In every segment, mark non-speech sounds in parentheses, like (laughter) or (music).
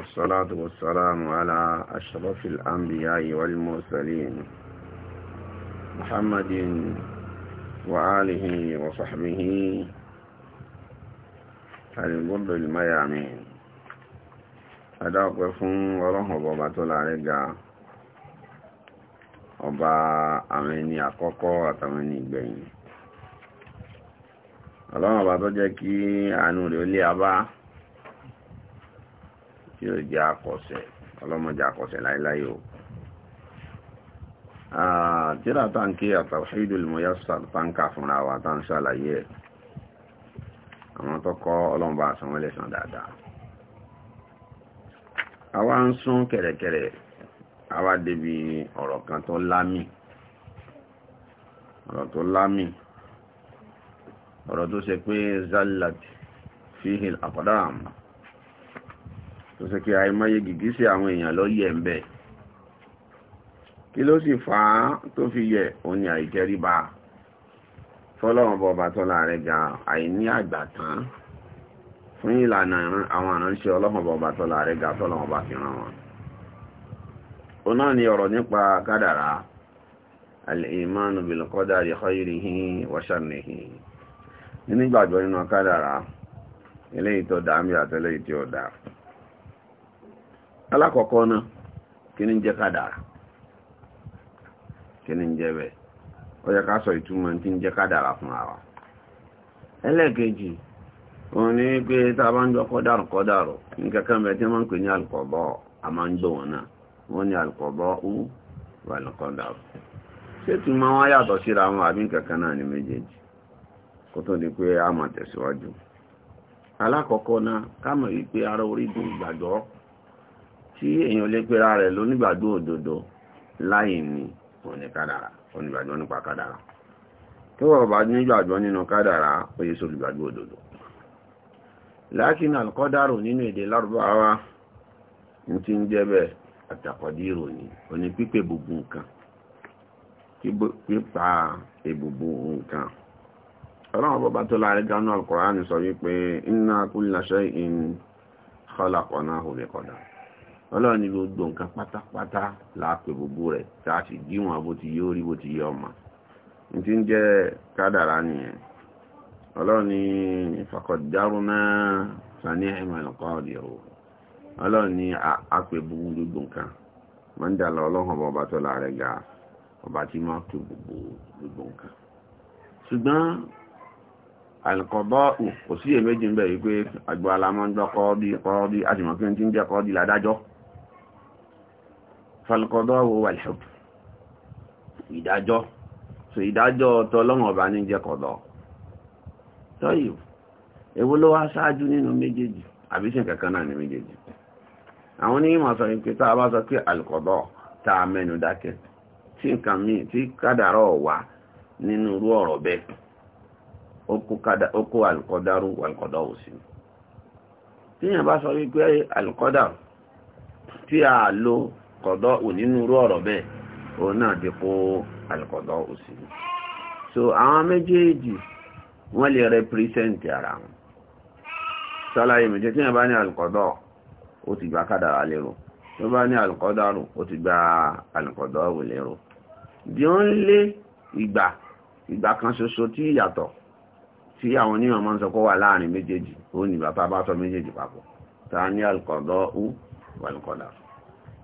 والصلاة والسلام على أشرف الأنبياء والمرسلين محمد وآله وصحبه الغر الميامين أداقف ورهب وبطل عليك ọba àwọn ẹni àkọ́kọ́ àtàwọn ẹni الله ọlọ́run ọba tó لي kí tí ó jẹ́ àkọsẹ̀ ọlọ́mọdé àkọsẹ̀ láíláí o tíra táǹkì at-Tawhidul Muyassar táǹkà fúnra wa táǹ ṣàlàyé ẹ̀ àwọn tó kọ́ ọlọ́mọba àsanwọ́lẹ̀sàn dáadáa àwa ń sún kẹ̀rẹ̀kẹ̀rẹ̀ àwa débi ọ̀rọ̀ kan tó lámì ọ̀rọ̀ tó lámì ọ̀rọ̀ tó ṣe pé zallat fihil aqdam tó ṣe pé àìmọye gìgísẹ̀ àwọn èèyàn lọ yẹ̀ ń kí ló sì fà á tó fi yẹ òní àìtẹríba fọ́lọ́run bọba tọ́lá rẹ̀ ga àìní àgbàtán fún ìlànà àwọn àránṣẹ́ ọlọ́run bọba tọ́lá rẹ̀ ga tọ́lọ́run bá fi ràn wọn ni ọ̀rọ̀ nípa kádàrá alìmánu bilqadari khayrihi wa sharrihi nígbàgbọ́ nínú alákọ̀ọ́kọ́ náà kí ní jẹ́ kádàrà kí ní jẹ́ bẹ́ẹ̀ ó ká sọ ìtumọ̀ tí ń jẹ́ kádàrà fún ara ní pé a bá ń jọ kọ́dàrù kọ́dàrù ní kẹ́kẹ́ mẹ́ a máa ń gbò wọn náà tó di pé a tẹ̀síwájú alákọ̀ọ́kọ́ náà tí èèyàn lè pera rẹ̀ lónígbàgbọ́ òdodo láì ní òní kádàrà onígbàgbọ́ nípa kádàrà tí wọ́n bá nígbàgbọ́ nínú kádàrà ó yẹ sólùgbàgbọ́ òdodo lákínà alkọ́dàrò nínú èdè lárúbáwá ní ti ń jẹ́ bẹ́ẹ̀ àtàkọ̀dírò ni òní pípé gbogbo nǹkan pípa èbùbù nǹkan ọlọ́run bọ́bá tó láàrin gánú Al-Qur'an sọ wípé inna kulla shay'in khalaqnahu biqadar ọlọ́run ni gbogbo nǹkan pátápátá láàpẹ̀ gbogbo rẹ̀ tá a sì díwọ̀n bó ti yóò rí bó ti yọ ọmọ ntí ń jẹ́ kádàrá nìyẹn ni fàkọ̀dárúná sani ni àpẹ̀ gbogbo nǹkan máa ń dà lọ ọba tó ga ọba tí máa gbogbo gbogbo nǹkan ṣùgbọ́n kò ń bẹ̀ àgbọ̀ kọ́ bí ń jẹ́ kọ́ bí falkọ́dọ́ wà lẹ́pù ìdájọ́ so ìdájọ́ tọ́lọ́wọ̀n ọba ní jẹ́ kọ̀dọ̀ tọ́yù èwo ló wá ṣáájú nínú méjèèjì àbíṣẹ́ kankan náà ní méjèèjì àwọn onímọ̀ sọ pé tá a bá sọ pé alkọ̀dọ̀ tá a mẹ́nu dákẹ́ tí nǹkan míì tí kádàrọ̀ wà nínú irú ọ̀rọ̀ bẹ́ẹ̀ ó kó alkọ̀dárú alkọ̀dọ̀ ò sí tíyàn bá sọ wípé alkọ̀dárú tí a lo kọ̀dọ̀ onínúurú ọ̀rọ̀ bẹ́ẹ̀ òun náà dípò alìkọ̀dọ̀ òsì so àwọn méjèèjì wọ́n lè represent ara wọn sálàyé méjèèjì tí wọ́n bá ní alìkọ̀dọ̀ ó ti gba kádàrá lérò tó bá ní alìkọ̀dọ̀rù ó ti gba alìkọ̀dọ̀ òwò lérò bí ó ń lé ìgbà ìgbà kan ṣoṣo tí ìyàtọ̀ tí àwọn onímọ̀ máa ń sọ kó wà láàrin méjèèjì ó ní bàbá bá sọ méjèèjì papọ̀ ta ní alìkọ̀dọ̀ òwò alìkọ̀dọ̀rù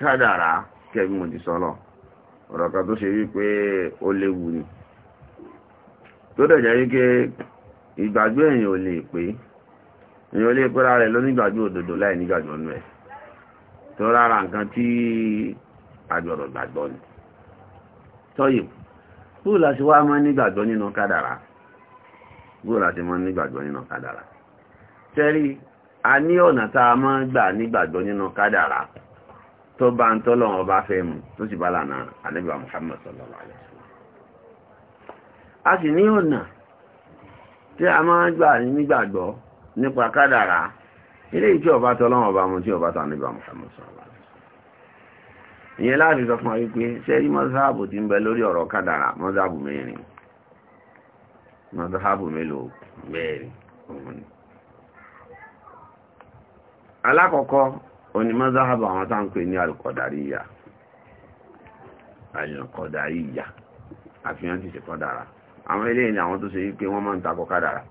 kádàrà kẹ́bí mo ti tó ṣe wípé ó léwu ni tó dẹ̀jẹ́ wípé ìgbàgbé èyàn ò lè pé èyàn ò lè pé rárẹ̀ ló nígbàgbé òdòdó láì nígbàgbọ́ nú ẹ̀ tó rárá nǹkan tí agbọ̀rọ̀ gbàgbọ́ ni tọ́yì bóò láti wá mọ́ nínú bóò láti mọ́ nínú tẹ́rí a ní ọ̀nà tá a mọ́ gbà nínú tó bá ń tọ́lọ̀ wọn bá fẹ́ mu tó sì bá lànà ànábì wa Muhammad sallallahu alaihi wasallam a sì ní ọ̀nà tí a máa ń gbà nígbàgbọ́ nípa kádàrá ilé ìtí ọba tọ́lọ̀ wọn bá mu tí ọba tọ́ ànábì wa Muhammad sallallahu alaihi ìyẹn láti sọ fún wa wípé sẹ́rí mọ́sáàbù ti ń bẹ lórí ọ̀rọ̀ kádàrá mọ́sáàbù mẹ́rin mọ́sáàbù mélòó mẹ́rin alákọ̀ọ́kọ́ oní mazahab àwọn ta ní alkọ̀dáríyà alkọ̀dáríyà àfihàn ti ṣe kọ́dára àwọn ilé ìní àwọn tó ṣe wípé wọ́n máa ń takọ kádàrà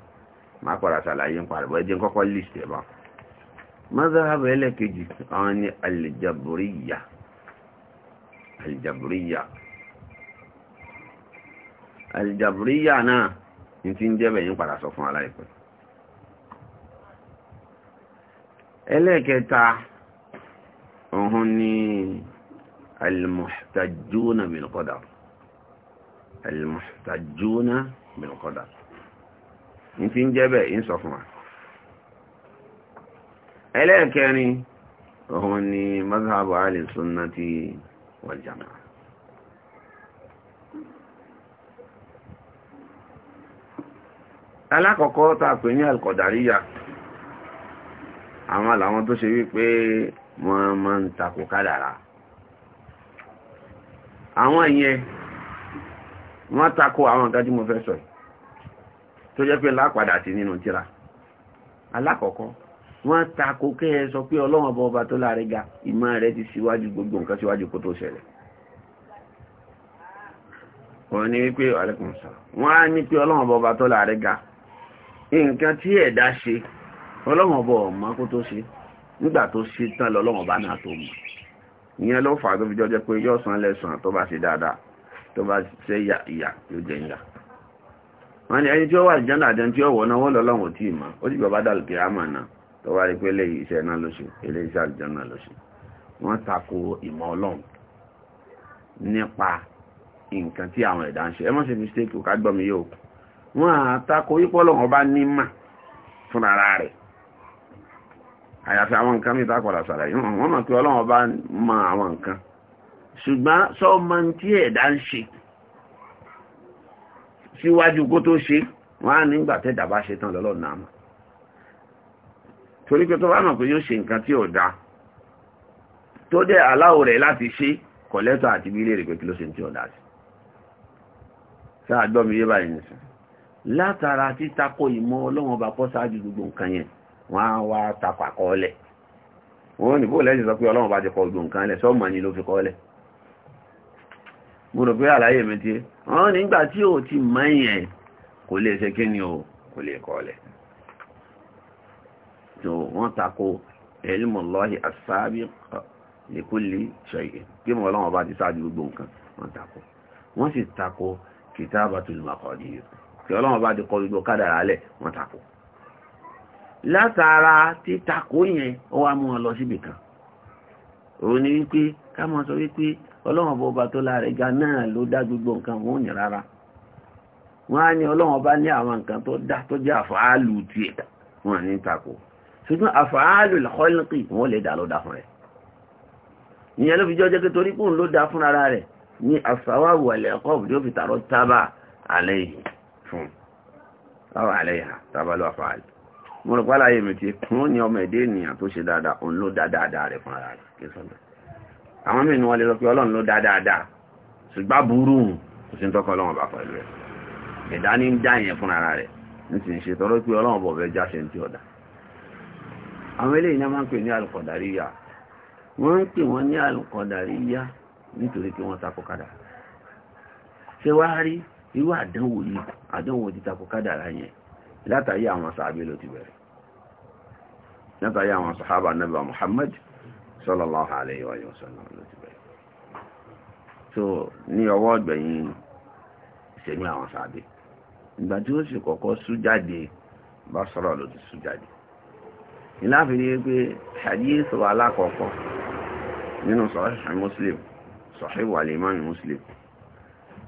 máa padà ṣàlàyé ń parẹ̀ bọ́ẹ̀jẹ́ kọ́kọ́ list ẹ̀bá mazahab ẹlẹ́kejì àwọn ní alìjàbúríyà alìjàbúríyà alìjàbúríyà náà ní ti ń jẹ́bẹ̀ yín padà sọ fún aláìpẹ́ ẹlẹ́kẹta òhun ni almuhtajuna bil qadar almuhtajuna bil qadar ní tí ń jẹ́ bẹ́ẹ̀ ń sọ fún wa ẹlẹ́ẹ̀kẹrin òhun ni mazhabu ahli sunnati wal jamaa alákọ̀ọ́kọ́ tàpé ní alkọ̀dáríyà àwọn làwọn tó ṣe wípé wọ́n máa ń takò kádàrá àwọn ìyẹn wọ́n takò àwọn nǹkan tí mo fẹ́ sọ yìí tó jẹ́ pé lápadà sí nínú tíra alákọ̀ọ́kọ́ wọ́n takò kẹ́ ẹ sọ pé ọlọ́run ọba ọba tó láre ga ìmọ̀ rẹ̀ ti síwájú gbogbo nǹkan síwájú kó tó ṣẹlẹ̀ wọ́n ní wípé alẹ́kùn sọ wọ́n á ní pé ọlọ́run ọba ọba tó láre ga nǹkan tí ẹ̀dá ṣe ọlọ́run ọba ọ̀mọ́ kó tó ṣe nígbà tó ṣe tán lọ́lọ́wọ́n bá náà tó mọ̀ ìyẹn ló fà á tó fi jọ́jọ́ pé yóò san lẹ́sàn tó bá ṣe dáadáa tó bá ṣe ìyà ìyà yóò jẹ ìyà wọ́n ní ẹni tí ó wà ìjọ́nà àjẹ́ tí ó wọ̀ náà wọ́n lọ́lọ́wọ́n tí ì mọ̀ ó sì bàbá dàlù kí á mọ̀ náà tó wá rí pé eléyìí iṣẹ́ náà lóṣù eléyìí iṣẹ́ àlùjọ́ náà lóṣù wọ́n tako ìmọ̀ ọlọ́run nípa nǹkan tí àwọn ẹ̀dá ń ṣe ẹ má ṣe mistake ò ká gbọ́ mi yóò wọ́n á yípo ọlọ́run ọba ní mà fúnra rẹ̀ àyàfi àwọn nǹkan mìta padà sàlàyé wọ́n mọ̀ pé ọlọ́wọ́ bá mọ àwọn nǹkan ṣùgbọ́n sọ́ọ̀mọ́ tí ẹ̀dá ń ṣe síwájú kó tó ṣe wọ́n á nígbà tẹ́dà bá ṣe tán lọ́lọ́ náà mọ̀ torí pé tó bá mọ̀ pé yóò ṣe nǹkan tí ò dáa tó dẹ̀ aláwò rẹ̀ láti ṣe kọ̀lẹ́tọ̀ àti bí rẹ̀ pé kí ló ṣe tí ò dáa sí sáà gbọ́ mi yé báyìí nìsín látara títakò ìmọ̀ ọlọ́wọ́n bá pọ́ wọ́n á wá takọ àkọọ́lẹ̀ wọ́n ní bó lẹ́yìn sọ pé ọlọ́run bá ti kọ gbogbo nǹkan lẹ̀ sọ́ọ̀mọ̀ ni ló fi kọ́ọ́lẹ̀ mo rò pé àlàyé mi ti wọ́n nígbà tí ò ti mọ̀ yẹn kò lè ṣe kíni o kò lè kọ́ọ́lẹ̀ tó wọ́n takò ilmullahi as-sabiq li kulli shay'in kí mo ọlọ́run bá ti ṣáájú gbogbo nǹkan wọ́n takò wọ́n sì takò kitabatul maqadir kí ọlọ́run bá ti kọ gbogbo kádàrá lẹ̀ wọ́n látara títakò yẹn ó wá mú wọn lọ síbì kan òun ni wípé ká mọ sọ wípé ọlọ́wọ́n bọba tó lára ẹja náà ló dá gbogbo nǹkan wọn ò ní rárá wọn á ní ọlọ́wọ́n bá ní àwọn nǹkan tó dá tó jẹ́ àfàálù tiẹ̀ wọn ní takò ṣùgbọ́n àfàálù lọ́kọ́lọ́kì wọn lè dá ló dá fún rẹ̀ ìyẹn ló fi jọ́ jẹ́ torí pòun ló dá fún ara rẹ̀ ní àfàwáwù ẹ̀lẹ́kọ́ bí ó fi tààrọ́ tábà àlẹ́ yìí fún tábà àlẹ́ yìí tábà ló àfàálù mo rò pé àlàyé mi ti kún ní ọmọ èdè ènìyàn tó ṣe dáadáa òun ló dá dáadáa rẹ̀ fúnra rẹ̀ kí sọ́dọ̀ àwọn míì ni wọ́n lè rọ pé ọlọ́run ló dá dáadáa ṣùgbọ́n burú kò sí ń tọ́kọ ọlọ́run ọba pẹ̀lú rẹ̀ ẹ̀dá ní ń dá yẹn fúnra rẹ̀ ní ti ń ṣe tọ́rọ pé ọlọ́run ọba ọ̀bẹ jáṣe ń tí ọ̀dà àwọn eléyìí náà máa ń pè ní alùkọ̀dáríyà wọ́n ń pè wọ́n ní alùkọ̀dáríyà nítorí pé wọ́n takò ṣé wàá rí irú àdánwò yìí àdánwò ti takò kádà látàrí àwọn sàábé ló ti bẹ̀rẹ̀ látàrí àwọn sàhábà nàbà Muhammad sallallahu alayhi wa sallam ló ti bẹ̀rẹ̀ so ní ọwọ́ ọ̀gbẹ̀yìn ìṣẹ̀mí àwọn sàábé ìgbà tí ó sì kọ́kọ́ sú jáde bá sọ̀rọ̀ ló ti sú jáde ìláfi ní pé hadith wa alákọ̀ọ́kọ́ nínú sahih Muslim sahih wal Muslim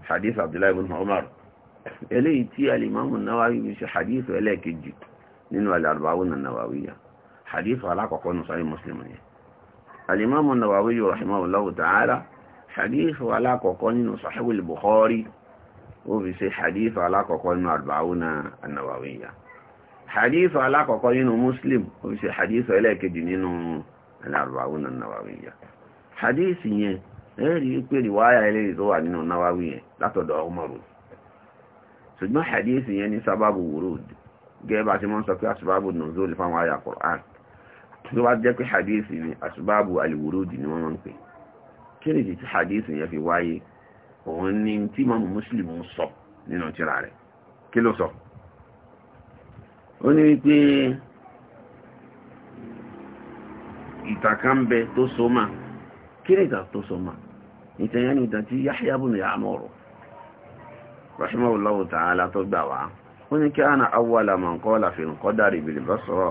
hadith Abdullahi ibn Umar eléyìí tí alìmọ́mù náwàwí bí ṣe hadith ẹlẹ́ẹ̀kejì nínú alàrbáwùn náwàwíyà hadith alákọ̀ọ́kọ́ nù sọ́rí muslim ni alìmọ́mù náwàwí yóò rahimahullahu ta'ala hadith alákọ̀ọ́kọ́ nínú sahihul bukhari ó fi ṣe hadith alákọ̀ọ́kọ́ nínú alàrbáwùn náwàwíyà hadith alákọ̀ọ́kọ́ nínú muslim ó fi ṣe hadith ẹlẹ́ẹ̀kejì nínú alàrbáwùn náwàwíyà hadith yẹn ẹ̀rí pé riwaya eléyìí tó wà nínú náwàwí yẹn ṣùgbọ́n hadith yẹn ní sábàbù wurud gẹ́gẹ́ bá ti mọ́ sọ pé asbabu nuzul fáwọn àyà Qur'an tó bá jẹ́ pé hadith ni asbabu al-wurud ni wọ́n máa ń pè kí ni ti hadith yẹn fi wáyé òun ni tí mọ́mù Muslim sọ nínú tírà rẹ̀ kí ló sọ ó ní wípé ìtàkà tó so máa kí ni ìtà tó so máa ìtàyẹn ni ìtà tí Yahya ibn Ya'mur rahimahullahu ta'ala tó gbà wá ó ní kí ana awwala man qala fi al-qadari bil basra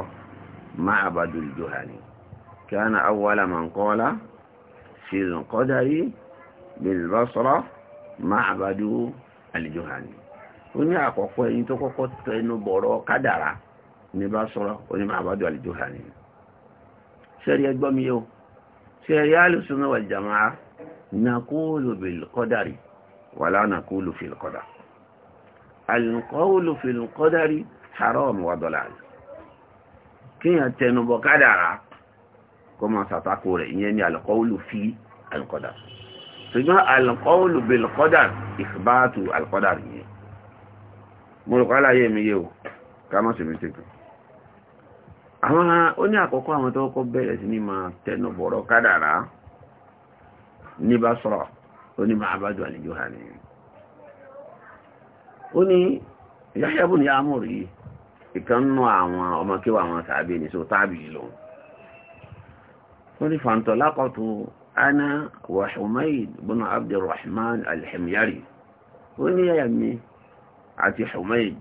ma'badu al-juhani kí ana awwala man qala fi al-qadari bil basra ma'badu al-juhani ó ní àkọ́kọ́ ẹni tó kọ́kọ́ tẹnu bọ̀rọ̀ kádàrá ní basra ó ní ma'badu al-juhani sẹ́rí alìkọ́wòlò fìlùkọ́dárí haram wà dọ̀là kíyàn tẹnubọ̀ kádàrá kọ́ máa sàtakò rẹ̀ ìyẹn ni alìkọ́wòlò fi alìkọ́dárí ṣùgbọ́n alìkọ́wòlò bìlùkọ́dárí ìfìbáàtù alìkọ́dárí yẹn mo rò kálá yé mi yé o ká má sèmi tètè àwọn oní àkọ́kọ́ àwọn tó kọ́ bẹ̀rẹ̀ sí ní máa tẹnubọ̀rọ̀ kádàrá ní bá sọ̀rọ̀ oní máa bá jọ àlejò hàn nìyẹn ó ní yáyábù ní amúrí ìkan nú àwọn ọmọkéwà àwọn tàbí ní so tábì lòun ó ní fàǹtọ̀ lákọ̀tù ana wa humaid bin abdulrahman alhimyari ó ní yáyà mi àti humaid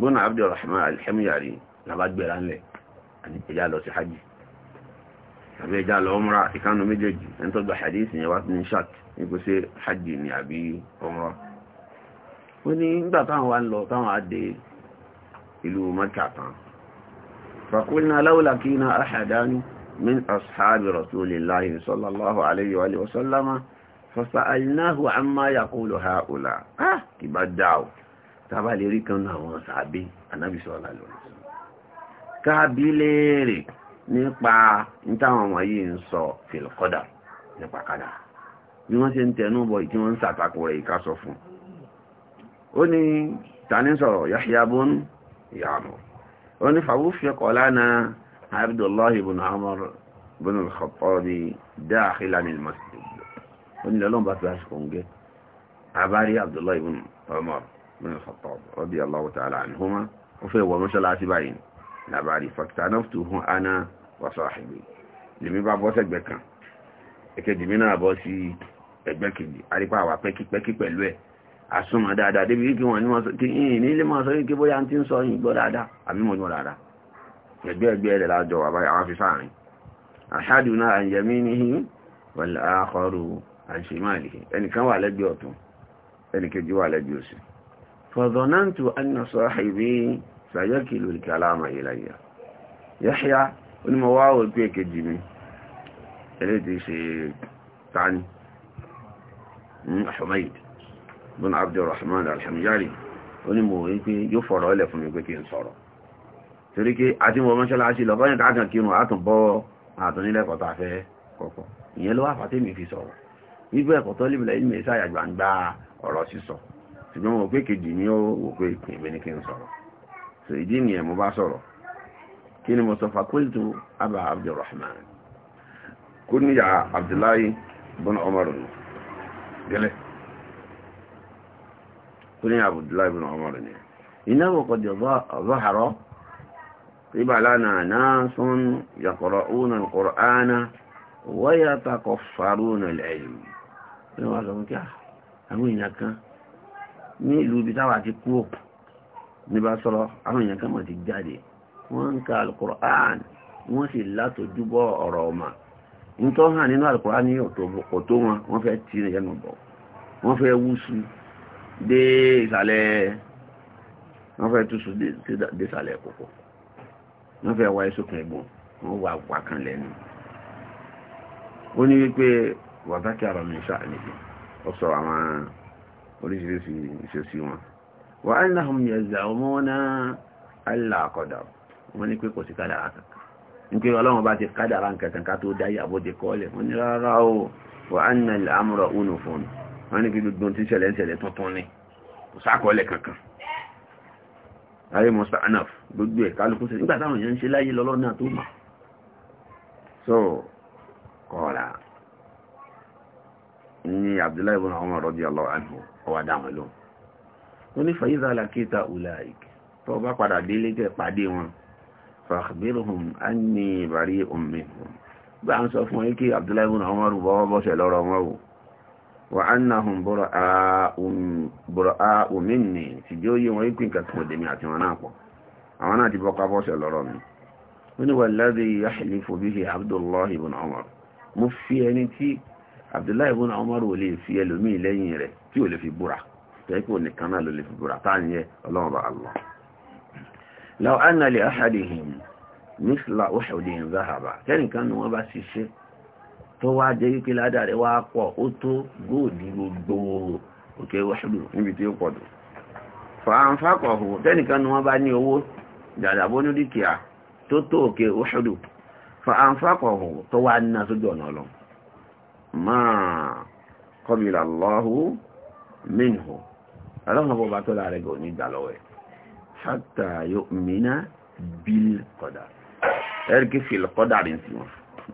bin abdulrahman alhimyari labagbera ńlẹ̀ àti ìjà lọ sí hajj àbí ẹja lọ ọmọra ìkánu méjèèjì ẹni tó gba hadith ó ní nígbà táwọn wá ń lọ táwọn adé ìlú mọ́kà tán fàkúnná láwùlà kí iná àṣàdánú min ashabi rasulillahi sallallahu alayhi wa sallama fasa'alnahu amma yaqulu haula ah kì bá dáa tàbá lè rí kan àwọn sàábé anábì sallallahu bí wọ́n ṣe ń tẹnu bọ̀ ìtí wọ́n ń sàtakò rẹ̀ ìkásọ fún ó ní tani sọ̀rọ̀ Yahya bun Ya'mur ó ní fàwúfẹ́ kọ̀lánà Abdullah ibn Umar ibn al-Khattab dakhilan al-masjid ó ní lọ́lọ́n bá fi aṣọ ǹgẹ́ àbárí Abdullah ibn Umar ibn al-Khattab radiyallahu ta'ala anhuma ó fẹ́ wọ mọ́ṣáláṣí báyìí labari fakitanaftuhu ana wa sahibi lèmi bá bọ́ sẹ́gbẹ̀ẹ́ kan èkejì mi náà àsúnmọ̀ dáadáa débi wípé wọn ní wọ́n sọ kí yìnyín ní ilé máa sọ wípé bóyá tí ń sọ yìí gbọ́ dáadáa àmì mọ̀ níwọ̀n dáadáa ẹgbẹ́ ẹgbẹ́ rẹ̀ lájọ wà báyìí àwọn fi sáàrin ahaduna an yaminihi wal akharu an shimalihi ẹnìkan wà lẹ́gbẹ́ ọ̀tún ẹnìkejì wà lẹ́gbẹ́ òsì fọ̀dọ̀nàntù anna sahibi sayakilu kalama ilayya yahya onímọ̀ wá bin abdulrahman alhamjari ó ní mo rí pé yóò fọ̀rọ̀ ilẹ̀ fún mi pé kí n sọ̀rọ̀ torí pé àti mo mọ́ṣáláṣí lọ báyìí káàkiri kírun àtún bọ́ àtún nílẹ̀ ẹ̀kọ́ tá a fẹ́ kọ́kọ́ ìyẹn ló wà fàtẹ́ mi fi sọ̀rọ̀ wípé ẹ̀kọ́ tó lè bìlẹ̀ ìmọ̀ ìsáyà gbangba ọ̀rọ̀ sísọ ṣùgbọ́n mo pé kejì ni ó wò pé ìpínlẹ̀ ní kí n sọ̀rọ̀ so ìdí nìyẹn mo bá sọ̀rọ̀ kí ni mo sọ fakultu abba abdulrahman kúníyà abdullahi bin omar gẹ́lẹ́ tó ní Abdullahi ibn Umar ni ináwó kọjọ zọ́harọ́ ríbà lánàá náà sún yàkọ̀rọ̀ òun al-Qur'ana wáyà takọ̀ farún al-ilm ní wọ́n sọ kí àwọn èèyàn kan ní ìlú ibi táwà ti kú ní bá sọ̀rọ̀ àwọn èèyàn kan ti jáde wọ́n ń ka al-Qur'an wọ́n sì látòjúbọ̀ ọ̀rọ̀ ọmọ nítorí hàn nínú al-Qur'an ní ọ̀tọ̀ wọn wọ́n fẹ́ tì í bọ̀ wọ́n fẹ́ wú sí i dé ìsàlẹ̀ wọ́n fẹ́ túsù dé ìsàlẹ̀ kòkó wọ́n fẹ́ wá ìsókùn ẹ̀gbọ́n wọ́n wà wà kan lẹ́nu ó ní wípé wàtákì àrọ̀ mi sáà nìyí ó sọ àwọn oríṣiríṣi ìṣesí wọn wà á náà mú ẹ̀zà ọmọ náà aláàkọ̀dà wọ́n ní pé kò sí kádàrá kankan ní ọlọ́run bá ti kádàrá nǹkan ká tó dáyà bó ti kọ́ lẹ̀ ní rárá o wà á náà àmúrọ̀ ònù fún un wọ́n ní kí gbogbo tí ṣẹlẹ̀ ṣẹlẹ̀ tuntun ni kò sákọọ́lẹ̀ kankan ayé mọ́sá anaf gbogbo ẹ̀ kálukú sí nígbà táwọn èèyàn ń ṣe láyé lọ́lọ́ náà tó mọ̀ so kọ́ọ̀lá ní abdullahi ibn Umar radiyallahu anhu ọwà dáwọn lóhun ó ní fàyíza alákíta ulaik tó bá padà délé tẹ pàdé wọn fàkbírhùn anni bari'un minhum gbà ń sọ fún ẹ kí abdullahi ibn Umar rúbọ wà annahum bura'a minni ti jẹ́ òye wọn ìpín nǹkan kan dèmi àti wọn náà pọ̀ àwọn náà ti bọ́ka bọ́sẹ̀ lọ́rọ̀ mi ó ní walladhi yahlifu bihi abdullahi ibn umar mo fi ẹni tí abdullahi ibn umar tó wá jẹ́ wípé ládà rẹ̀ wá pọ̀ ó tó góòdì gbogbo òkè wọ́ṣùlù níbi tí ó pọ̀ tó fàánfàkọ̀hù tẹ́nìkan ni wọ́n bá ní owó jàdàbó ní dúkìá tó tó òkè wọ́ṣùlù fàánfàkọ̀hù tó wá ná sójú ọ̀nà lọ máa kọ́bìlà lọ́hù mínhù aláwọ̀ bá tó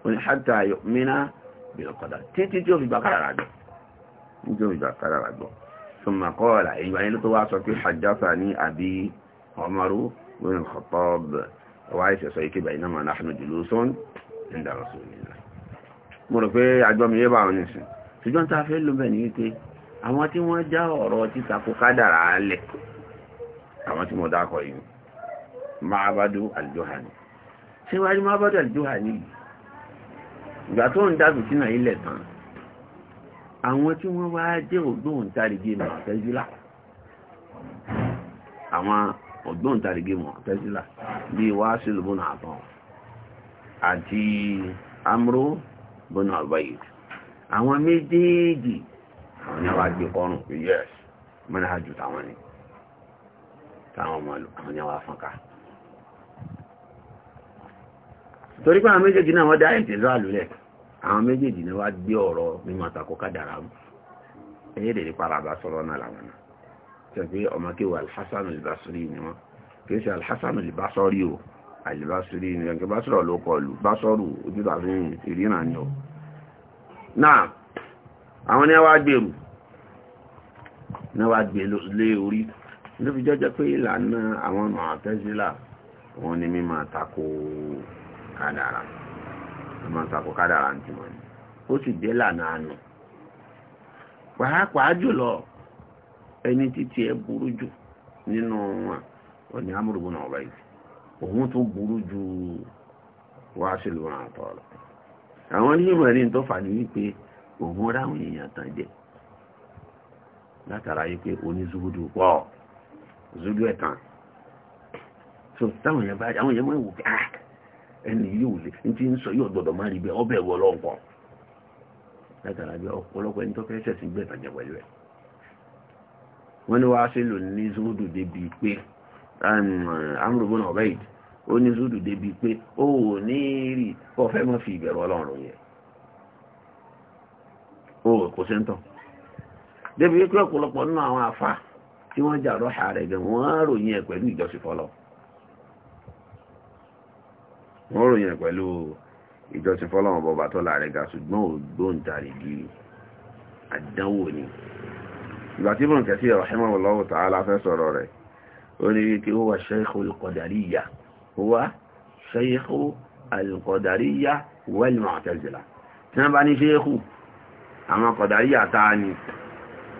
oní hátà mìíràn bìlọ̀kọ̀dà títí tí ó fi gbà kádàrà gbọ́ tí ó fi gbà kádàrà gbọ́ ثم قال إيوان لتواصل في حدثني أبي عمر بن الخطاب وعيسى سيكي بينما نحن جلوس عند رسول الله mọ̀rọ̀fẹ́ àjọmí yẹ́bà àwọn ìsìn ṣùgbọ́n ta fẹ́ ló bẹ̀ ní wípé àwọn tí wọ́n ìgbà tó ń dá fìtínà ilẹ̀ tán àwọn tí wọ́n wá jẹ́ ògbóǹtarìgì mọ̀tẹ́sílà àwọn ògbóǹtarìgì mọ̀tẹ́sílà bíi wáṣílù bọ́nà àtọ̀ àti amúró bọ́nà àbáyé àwọn méjèèjì àwọn ni wá gbé kọrùn pé yẹ́s mọ́nà àjù táwọn ni táwọn ọmọ àwọn ni wá fọ́nká torí pé àwọn méjèèjì náà wọ́n dá ìtẹ̀zọ́ àlùlẹ̀ àwọn méjèèjì náà wá gbé ọ̀rọ̀ mímọ̀ àtàkọ́ kádàrà mú ẹyẹ́ dèrè paraba sọ̀rọ̀ náà làwọn náà tẹ̀pé ọmọ kí wà alhassan albasiri ni wọ́n kì í ṣe alhassan albasori o albasiri ni wọ́n kì bá sọ̀rọ̀ ló kọlù bá ojú tàbí ìrìnà ni o náà àwọn ni wá gbèrú ni wá gbé lé orí ló fi jọ́jọ́ pé ìlànà àwọn ọ̀nà àtẹ́sílà wọn ni mímọ̀ àtàkọ́ kádàrà ọmọ ìtàkù kádàrà ń tìmọ̀ ní ó sì dé lànà àánú pàápàá jùlọ ẹni títí ẹ burú jù nínú wọn òní náà ọba yìí òun burú ju lọ àwọn onímọ̀ ẹni tó fà ní wípé òun èèyàn tán jẹ látara yìí pé so táwọn ẹni yóò lè ní ti ń sọ yóò gbọdọ̀ má rí bẹ́ẹ̀ ọbẹ̀ wọ lọ́n látara bí ọ̀pọ̀lọpọ̀ ẹni tó fẹ́ ṣẹ̀sìn gbẹ̀ tàjà pẹ̀lú ẹ̀ wọ́n wàá ṣe lò ní zúdù débi pé um, náà yìí fi ìbẹ̀rù ọlọ́run yẹ ó kò ṣe ń débi pé nínú àwọn tí wọ́n jà rọ́ṣà rẹ̀ wọ́n ròyìn ẹ̀ pẹ̀lú wọ́n ròyìn ẹ̀ pẹ̀lú ìjọsìn fọ́lọ́wọ́n bọba tó láàrẹ ga ṣùgbọ́n ògbóǹtarìgì àdánwò ni ìgbà tí Ibn Kathir rahimahullahu ta'ala fẹ́ sọ̀rọ̀ rẹ̀ ó ní wípé ó wà shaykhu al-qadariyya huwa shaykhu al-qadariyya wal-mu'tazila tí wọ́n bá ní shaykhu àwọn qadariyya táa ni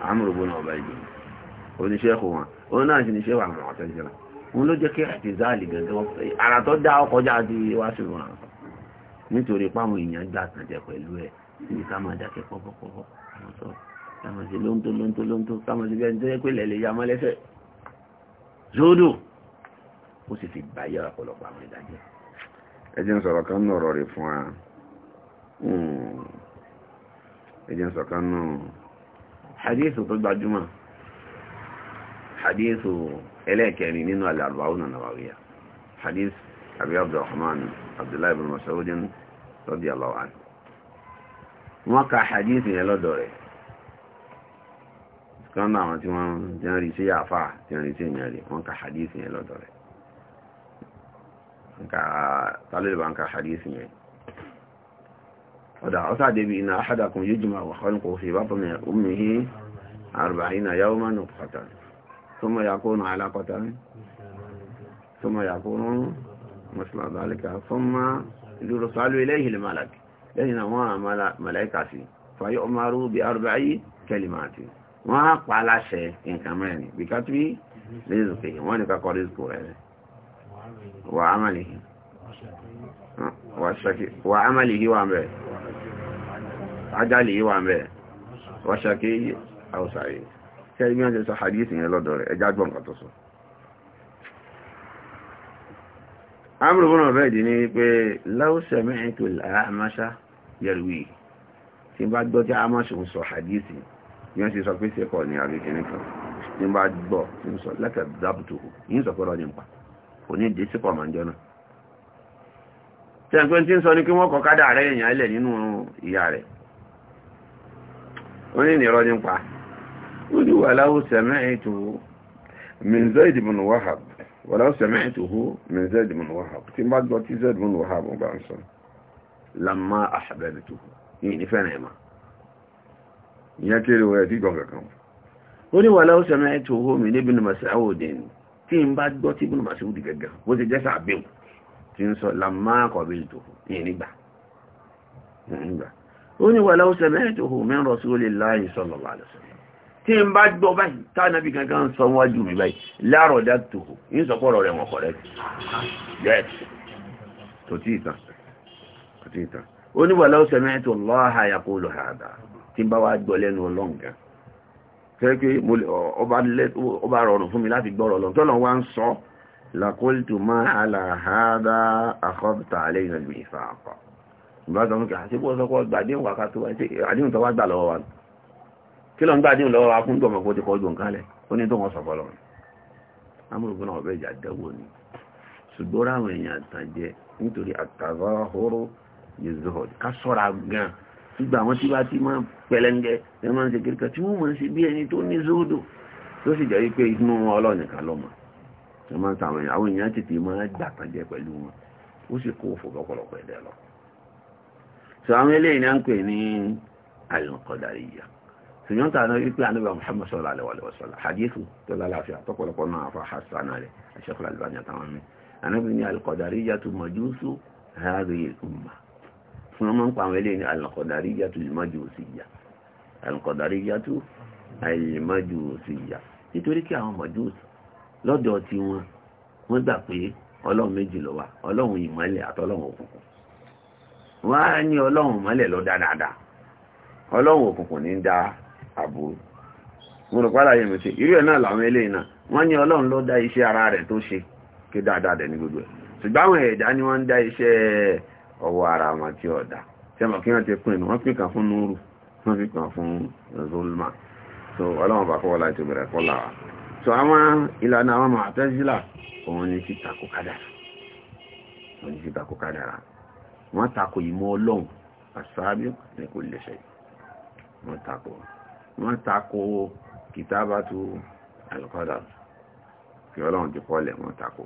Amr ibn Ubayy oníṣẹ́kù wọn ó náà sì ní shaykhu al-mu'tazila òun ló jẹ́ kí ẹ̀tìzáàlì gẹ̀gẹ́ ara tó dá ọkọjá di wáṣù rán nítorí páwọn èèyàn gbà tàjẹ̀ pẹ̀lú ẹ̀ ní ká máa dákẹ́ pọ́pọ́pọ́pọ́ àwọn sọ káwọn sí lóńtó lóńtó lóńtó káwọn sí bẹ́ẹ̀ tó yẹ pé lẹ́lẹ́ ya mọ́lẹ́sẹ̀ zódò ó sì fi bàyẹ̀ ọ̀pọ̀lọpọ̀ àwọn ìdájẹ́ ẹ jẹ́ ń sọ̀rọ̀ kan nù ọ̀rọ̀ rẹ̀ fún wa ẹ ẹlẹ́ẹ̀kẹrin nínú al-arba'un an-nawawiyya hadith abi abdulrahman abdullahi ibn mas'ud radiyallahu anhu wọ́n ka hadith yẹn lọ́dọ̀ rẹ̀ kọ́nà àwọn tí wọ́n jẹ́ rí sí àfà tí wọ́n rí sí ìyẹn rí wọ́n ka hadith yẹn lọ́dọ̀ rẹ̀ tàlébà ń ka hadith yẹn ọ̀dà ọ́sà débi inna ahadakum yujma'u khalquhu fi batni ummihi arba'ina yawman nutfatan ثم يكون علاقة ثم يكون مثل ذلك ثم يرسل إليه الملك لأن هو ملائكة فيؤمر بأربع كلمات wọ́n pa aláṣẹ nǹkan mẹ́rin bí ká tí lézùkè wọ́n ní kakọ lézùkò rẹ̀ wà ámàlìhì wà ámàlìhì wà mẹ́ ajálìhì wà mẹ́ wà ṣàkí àwùsàrí kẹ́rin mìíràn jẹ́ sọ hadith yẹn lọ́dọ̀ rẹ̀ ẹjá gbọ́n kan tó sọ amúrùbọ́nà bẹ́ẹ̀ dì ní pé law sami'tu al-A'masha yarwi tí bá gbọ́ tí A'mash ń sọ hadith yẹn sì sọ pé sí ẹ̀kọ́ ní àbí kìnnì kan tí bá gbọ́ tí ń sọ lẹ́kẹ̀ dábùtòkù yìí sọ pẹ́rọ ní pa kò ní dé sípò màjọ náà tẹ́ǹpẹ́ tí ń sọ ní kí wọ́n kọ rẹ̀ èèyàn ilẹ̀ nínú ìyá rẹ̀ ó ní ní pa ó ní walau sami'tuhu min Zaid ibn Wahab walau sami'tuhu min Zaid ibn Wahab tí bá gbọ́ tí Zaid ibn Wahab bá ń sọ lamma ahbabtuhu yìí ní fẹ́ràn ẹ̀mà ìyá kéré wọ́n ti gbọ́n kankan ó ní walau sami'tuhu min Ibn Mas'ud tí n bá gbọ́ tí Ibn Mas'ud gẹ̀gẹ̀ bó ti jẹ́ sàbẹ̀wò tí ń sọ lamma qabiltuhu yìí nígbà ó ní walau sami'tuhu min Rasulillahi sallallahu alaihi wasallam tí n bá gbọ́ báyìí tánàbí kankan sọ wájú mi báyìí láàrọ̀ dátò ń sọpọ̀rọ̀ rẹ̀ wọ̀n kọ̀rẹ́ yes tó tí ìtàn tó tí ìtàn ó ní wà láwọ́ sẹ́mẹ́ tó lọ́ha yaqulu hada tí n bá wá gbọ́ lẹ́nu ọlọ́ǹgá tẹ́ pé ọba rọrùn fún mi láti gbọ́rọ̀ lọ tọ́lọ̀ wá ń tó wá gbà lọ́wọ́ wa kí lọ ń gbádùn lọ́wọ́ wa fún gbọmọ̀ kó ti kọjú nǹkan lẹ̀ ó ní tó wọ́n sọ̀fọ́ lọ́wọ́ amúrùgbọ́n náà ọ̀bẹ́ ìjà dẹ́wò ni ṣùgbọ́n ráwọn èèyàn àtàjẹ nítorí àtàzọ́ hóró yìí ká sọ́ra gan nígbà wọn tí bá ti máa pẹlẹ́ngẹ́ ẹ máa ń ṣe kíríkà tí wọ́n máa ń ṣe bí ẹni tó ní zódò tó sì jẹ́ wípé inú ọlọ́ọ̀nìkan lọ́mọ ẹ máa ń sàwọn àwọn èèyàn tètè máa gbàtàjẹ pẹ̀lú wọn ó sì kó òfò lọ́pọ̀lọpọ̀ ẹ̀dẹ̀ lọ sọ àwọn eléyìí ni à ń pè ní àlùkọ́dàríyà ṣùgbọ́n tàà náà wípé àníbà Muhammad sọ́lá alẹ́wàlẹ́wàsọ́lá hadithu tó lálàáfíà tọ́pọ̀lọpọ̀ náà fa hassan alẹ́ àṣẹ́kọ̀lá albania táwọn mi àníbà ní alkọ̀dáríyàtù mọ̀júsù hadhihi umma fún ọmọ ń pa àwọn eléyìn alkọ̀dáríyàtù ìmájúsìyà alkọ̀dáríyàtù àìmájúsìyà nítorí kí àwọn mọ̀júsù lọ́dọ̀ tí wọn wọ́n gbà pé ọlọ́run méjì ló wà ọlọ́run ìmọ́lẹ̀ àtọlọ́run òkùnkùn wọ́n á ní ọlọ́run ìmọ́lẹ̀ ló dá dáadáa ọlọ́run òkùnkùn ní dáa aburu mo rò pàdà yìí mo ṣe irú ẹ̀ náà làwọn eléyìí náà wọ́n ní ọlọ́run dá iṣẹ́ ara rẹ̀ tó ṣe kí dáadáa dẹ̀ ní gbogbo ẹ̀ ṣùgbọ́n ẹ̀dá ni wọ́n ń dá iṣẹ́ ọwọ́ ara wọn tí ọ̀dà tí a mọ̀ kí wọ́n ti pín in wọ́n pín kan fún wọ́n pín kan fún so ọlọ́run bá kọ́wọ́ láti bẹ̀rẹ̀ kọ́ wọ́n tako kìtàbàtú alqadar kí ọlọ́run ti kọ́lẹ̀ wọ́n tako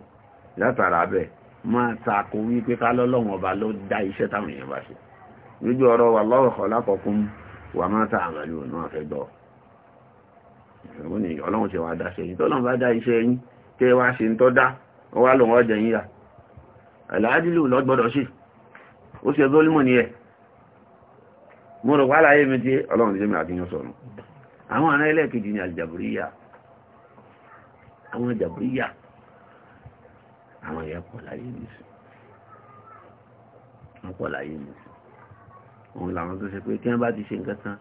látara bẹ́ẹ̀ máa tako wípé ká lọ́lọ́run ọba ló dá iṣẹ́ táwọn èèyàn bá ṣe lójú ọ̀rọ̀ wà lọ́rọ̀ kọ̀ lákọ̀ọ́kún wà máa ta àmàlù náà fẹ́ gbọ́ ọlọ́run ṣe wá dá ṣe yín tọ́lọ́run bá dá iṣẹ́ yín tẹ́ wá ṣe ń tọ́ dá wọ́n wá lòun ọjà yín yà àlàájìlú lọ́gbọ́dọ̀ sí ó ṣe gólímọ̀ ni ẹ̀ mo rò wálá ayé mi tí ọlọ́run ti sẹ́mi àti yín sọ̀rọ̀ àwọn àrán ẹlẹ́ẹ̀kejì ni àjàbùríyà àwọn àjàbùríyà àwọn ẹ̀yà pọ̀ láyé mi sí wọ́n pọ̀ láyé mi sí òun làwọn tó ṣe pé kí wọ́n bá ti ṣe nǹkan kan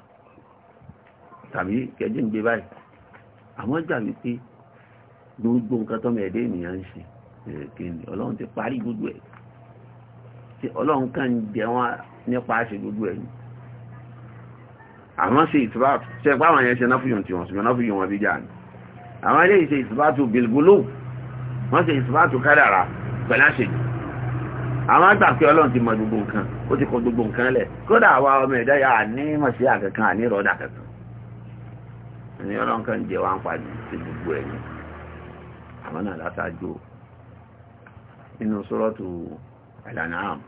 tàbí kẹjẹ́ ń gbé báyìí àwọn gbà wípé gbogbo nǹkan tọ́mọ ẹ̀dẹ́ ènìyàn ń ṣe eh, kìíní ọlọ́run ti parí gbogbo ẹ̀ ọlọ́run kàn ń jẹ wọn nípa ṣe gbogbo ẹ̀ àwọn ṣe ìtìbáàtù ṣe pé àwọn yẹn ṣe náfíyùn tí wọ́n ṣe náfíyùn wọn bí jà ní àwọn ilé ìṣe ìtìbáàtù bilgulu wọ́n ṣe ìtìbáàtù kádàrà pẹ̀lú àṣejù àwọn àgbà pé ọlọ́run ti mọ gbogbo nǹkan ó ti kọ gbogbo nǹkan lẹ̀ kódà àwa ọmọ ẹ̀dá yà á ní mọ̀sí àkẹ́kàn àní ìrọ̀dà kẹ́kàn ní ọlọ́run kan jẹ́ wá ń pa ti gbogbo ẹ̀yìn àwọn náà látàjò nínú sọ́rọ́tù Al-An'am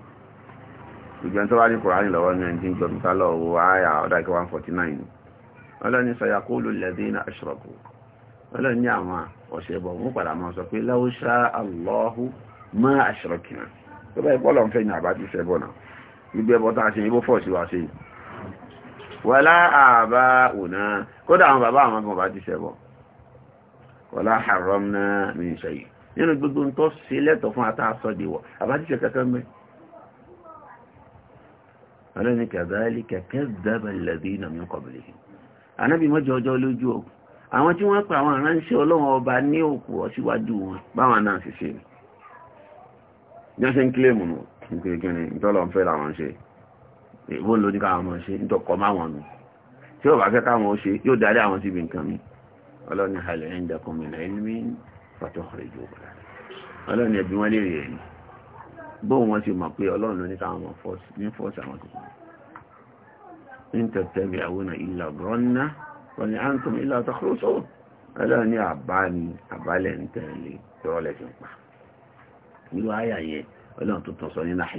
ìgbẹ́ tó bá ní kùránì lọ́wọ́ ní ẹni jọ mítà lọ wo àyà ọ̀dáìkẹ́ 149 ọlọ́ni sọ yàkóòlù lẹ́dínà aṣọ́rọ̀kù ọlọ́ni àwọn ọ̀sẹ̀ bọ̀ mú padà máa sọ pé láwúṣá àlọ́hù má aṣọ́rọ̀kìnà tó bá ìpọ́lọ̀ ń fẹ́ ní àbá ti ṣẹ́ bọ̀ ọlọ́ni kàbáàlì kẹ̀kẹ́ dábàlẹ̀bí ìnà mi kọ̀bìlì anábì mọ́jọ ọjọ́ lójú o àwọn tí wọ́n pa àwọn aránṣẹ́ ọlọ́run ọba ní òkú ọsíwájú wọn báwọn náà sì ṣe jọ́sẹ̀ ń kílèmù nù kíkíní ìtọ́lọ̀ ń fẹ́ làwọn ṣe èbó ló ní káwọn ọmọ ṣe nítọkọ máwọn nù tí ó bá fẹ́ káwọn ṣe yóò darí àwọn síbi nǹkan mi ọlọ́ni halẹ̀ ẹ̀ ń dẹkùnmí lẹ́yìn mi pàtó ọ̀rẹ́jọ́ ọlọ́ni ẹbí bóun wọn sì mọ̀ pé ọlọ́run ló ní káwọn mọ̀ fọ́ọ̀sì ní fọ́ọ̀sì àwọn kòkòrò ní tẹ̀tẹ̀bí àwọn ìlà rọ́nà wọ́n á ń tún ilà àtàkùrọ̀sọ́ ẹlẹ́ ní àbá ní àbálẹ̀ ń tẹ̀lé ìrọ̀lẹ̀ sí ń pa nínú àyà yẹn ọlọ́run tó tàn sọ ní náà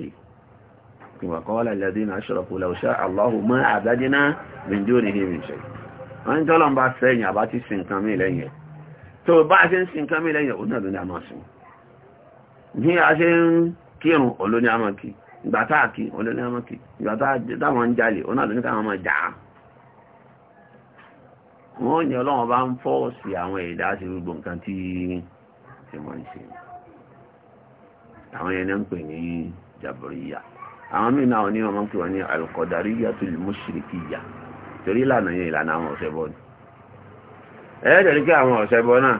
ìwà kọ́ọ́lá lẹ́dínà aṣọ́rọ̀kù lẹ́ọ̀ṣá aláhù mọ́ àdájínà bíndú ní ní ìṣẹ́ wọ́n ń tọ́lọ̀ bá sẹ́yìn àbá ti sin nǹkan mí lẹ́yìn ní kírun olóní àmọ́kì ìgbà kí olóní àmọ́kì ìgbà táwọn ń lóní káwọn máa jà á wọ́n ní bá ń fọ́ọ̀sì àwọn ẹ̀dá sí gbogbo nǹkan tí tí wọ́n ń ṣe àwọn ẹni ń pè ní àwọn wọ́n ní tó lè mú torí ìlànà yẹn ìlànà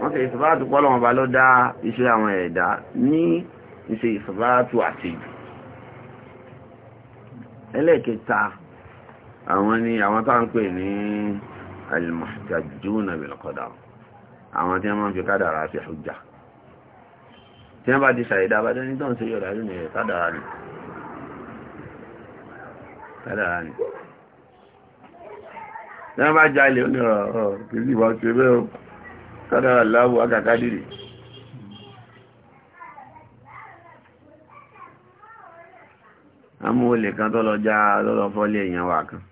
wọ́n ṣe ìsọ̀bátù pọ́lọ̀ wọn bá ló dá iṣẹ́ àwọn ẹ̀dá ní ìṣe ìsọ̀bátù àṣejù ẹlẹ́ẹ̀kẹta àwọn ni àwọn tá ń pè ní al-muhtajjuna bil qadar àwọn tí wọ́n máa ń fi kádàrà sí hujja tí wọ́n bá di ṣàìdá bá dání tó ń ṣe yọ̀dá lónìí rẹ̀ kádàrà ni kádàrà ni tí wọ́n bá jalè ó ní ọ̀rọ̀ kìí sì wá ṣe bẹ́ẹ̀ kádàrà láwù agàkádìrì amú olè kan tó lọ já lọ́lọ́ fọ́lé èèyàn wà kan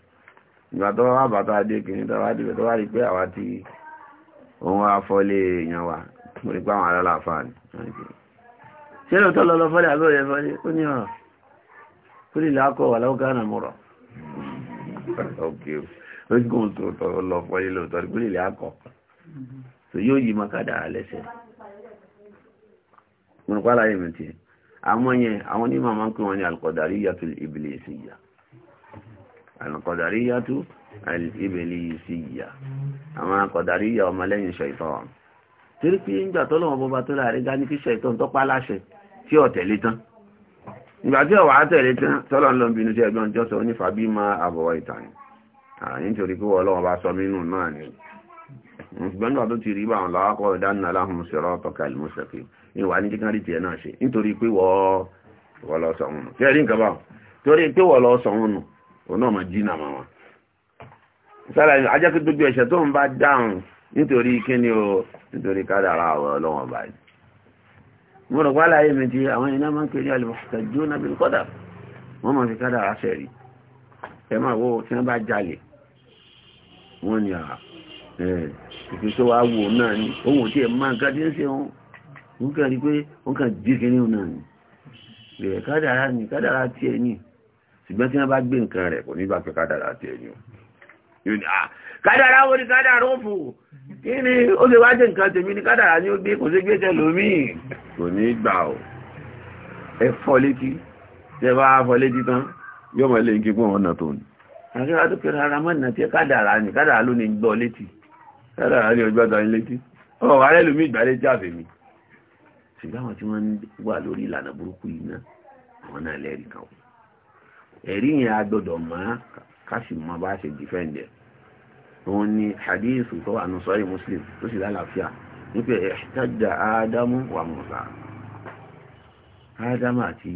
ìgbà tó wá bàtà adékìní tó wá dìbẹ̀ tó wá rí pé awa ti ohun wá fọ́lé èèyàn wà mo rí pé àwọn ará làfáà ni (laughs) tó lọ kúrì so yóò yí makada lẹ́sẹ̀ múnupálá yìí mìtì àwọn yẹn àwọn onímọ̀ máa ń pè wọ́n ní alkọ̀dáríyàtú ìbìlìsíyà alkọ̀dáríyàtú ìbìlìsíyà àwọn akọ̀dáríyà ọmọlẹ́yìn ṣẹ̀tọ́n torí pé ńgbà tó lọ́wọ́ bọba tó láàrin gá kí ṣẹ̀tọ́n tó pa láṣẹ tí ò tẹ̀lé tán ìgbà tí ọ̀wà tẹ̀lé tán tọ́lọ́ ń lọ bínú sí ẹgbẹ́ ọjọ́ sọ ní fàbí máa àbọ̀wọ̀ ìtàn àní pé wọ́n lọ́wọ́ bá sọ mínú náà ni ṣùgbọ́n nígbà tó ti rí báwọn làákọ̀ ìdáná aláhùn sọ̀rọ̀ tọ́ka ìmúṣẹ̀kì ìwà ní kíkan tiẹ̀ náà ṣe nítorí pé wọ́ọ́ lọ sọ̀hún nù ji. nǹkan báwọn torí pé wọ́ọ́ lọ sọ̀hún nù òun náà mọ̀ jí nà máa wọn. sára ajá gbogbo ẹ̀ṣẹ̀ tó ń bá dáhùn nítorí o nítorí kádàrá àwọn ọlọ́wọ́n báyìí. ìpínṣẹ́ wa wò náà ni ohun òtí ẹ̀ máa nǹkan tí ń ṣe wọn wọ́n kàn rí pé wọ́n kàn jí kínní náà ni rẹ̀ kádàrá ni kádàrá tí ẹ ní ṣùgbọ́n tí wọ́n bá gbé nǹkan rẹ̀ kò ní bá fẹ́ kádàrá tí ẹ ní o ah, kádàrá wo ni kádàrá ó fò kí ni ó ṣe wá jẹ́ nǹkan tèmi ni kádàrá ni ó gbé kò ṣe gbé lómìn kò ní gbà o ẹ fọ́ létí tẹ bá fọ́ létí tán yóò lé igi ọ̀nà tó ní. àti lára ní ọjọ́ ọ̀dọ̀ ilétí ọ̀rọ̀ ààrẹ lómi ìgbàlẹ̀ jáfẹ́ mi ṣùgbọ́n àwọn tí wọ́n wà lórí ìlànà burúkú yìí náà àwọn náà lẹ́rìí kan ẹ̀rí yẹn a gbọ́dọ̀ mọ̀ káṣì mọ́ bá ṣe dìfẹ́ǹdẹ̀ òun ni hadith tó wà nù sọ́rí muslim tó sì lálàáfíà wípé ẹ̀ṣẹ́jà ádámù wà Mùsá ádámù àti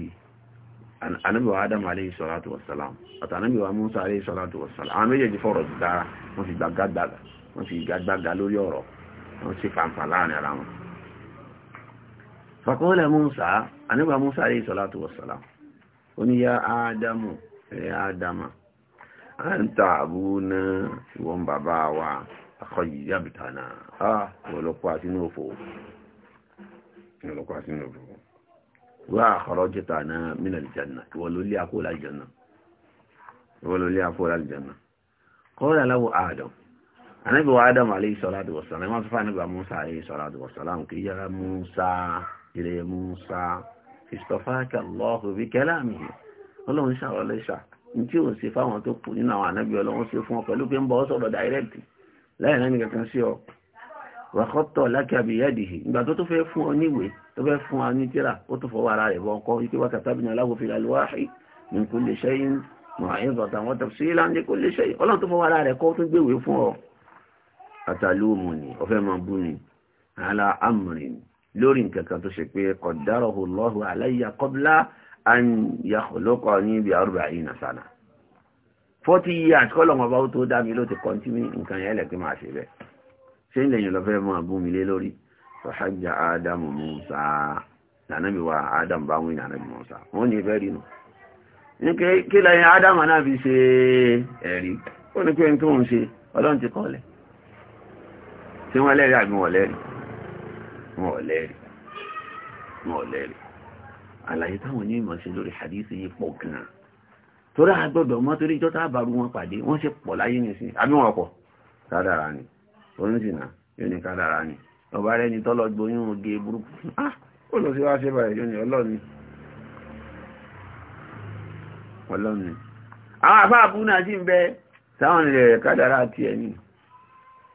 anábìwá ádámù alayhi salatu wassalam àti anábìwá Mùsá alayhi salatu wassalam àwọn méjèèjì fọ̀rọ̀ dára wọ́n fi gbàgbàgbà wọ́n sì gbàgbàgbà lórí ọ̀rọ̀ wọ́n sì fàǹfà láàrin ara wọn fàkọọ́lẹ̀ Musa anígbà Musa alayhi salatu wassalam ó ní ya Ádámù ẹ̀yà Ádámà a ń ta àbúná ìwọ̀n bàbá wa akọ̀yí yàbìtànà ọlọ́pọ̀ àti ní òfò wà àkọ̀rọ̀jẹ́ta náà mínàlì jẹ́nà ìwọ̀n ló lé akó anábì wa adam alayhi salatu wassalam wọ́n fífà nígbà musa alayhi salatu wassalam kì í yára musa ilẹ̀ musa istafaka Allahu bi kalamihi ọlọ́run ṣàwọ́ lẹ́ṣà ní tí òun ṣe fáwọn tó kù nínú àwọn anábì ọlọ́run ṣe fún ọ pẹ̀lú pé ń bọ́ sọ̀rọ̀ direct lẹ́yìn náà nìkan sí ọ wa khatta laka bi yadihi ìgbà tó tó fẹ́ fún ọ níwèé tó fẹ́ fún ọ ní tíra ó tó fọwọ́ ara rẹ̀ bọ́ ọkọ ike wa katabna lahu fil alwahi min kulli shay'in mu'izatan wa tafsilan li kulli shay' ọlọ́run tó fọwọ́ àtàlùmù ni ọ̀fẹ́ máa bú mi àlà amri lórí nǹkan kan tó ṣe pé qaddarahu Allahu alayya qabla an yakhluqani bi arba'ina sana forty years kọ́lọ̀ wọn bá ó tó dá mi ló ti kọ́ntí mi nǹkan yẹn lẹ́pẹ́ máa ṣe bẹ́ẹ̀ ṣé ń lẹ́yìn lọ́fẹ́ máa bú mi lé lórí fahajja ádámù Musa nànàbí wa ádámù bá wí nànàbí Musa wọ́n ní ìfẹ́ rí nù ní kí lẹ́yìn ádámù náà fi ṣe ẹ̀rí ó ní pé n tó ń ṣe ọlọ́run ti kọ́lẹ̀ tí wọ́n lẹ́rìí àbí wọ́n lẹ́rìí wọ́n lẹ́rìí wọ́n lẹ́rìí àlàyé táwọn ní ìmọ̀ ṣe lórí hadisi yìí pọ̀ gan-an torí àgbọ̀dọ̀ mọ́ torí ìjọ́ tá a bàrú wọn pàdé wọ́n ṣe pọ̀ láyé nìsín àbí wọn pọ̀ kádàrà ni oníṣìnà yóò ní kádàrà ni ọba rẹ ni tọ́lọ gboyún oge burúkú ah ó lọ sí wá ṣe báyìí yóò ní ọlọ́ni ọlọ́ni àwọn àfáàbù náà sì ń bẹ sáwọn ilẹ̀ eh, kádàrà tiẹ̀ nìyí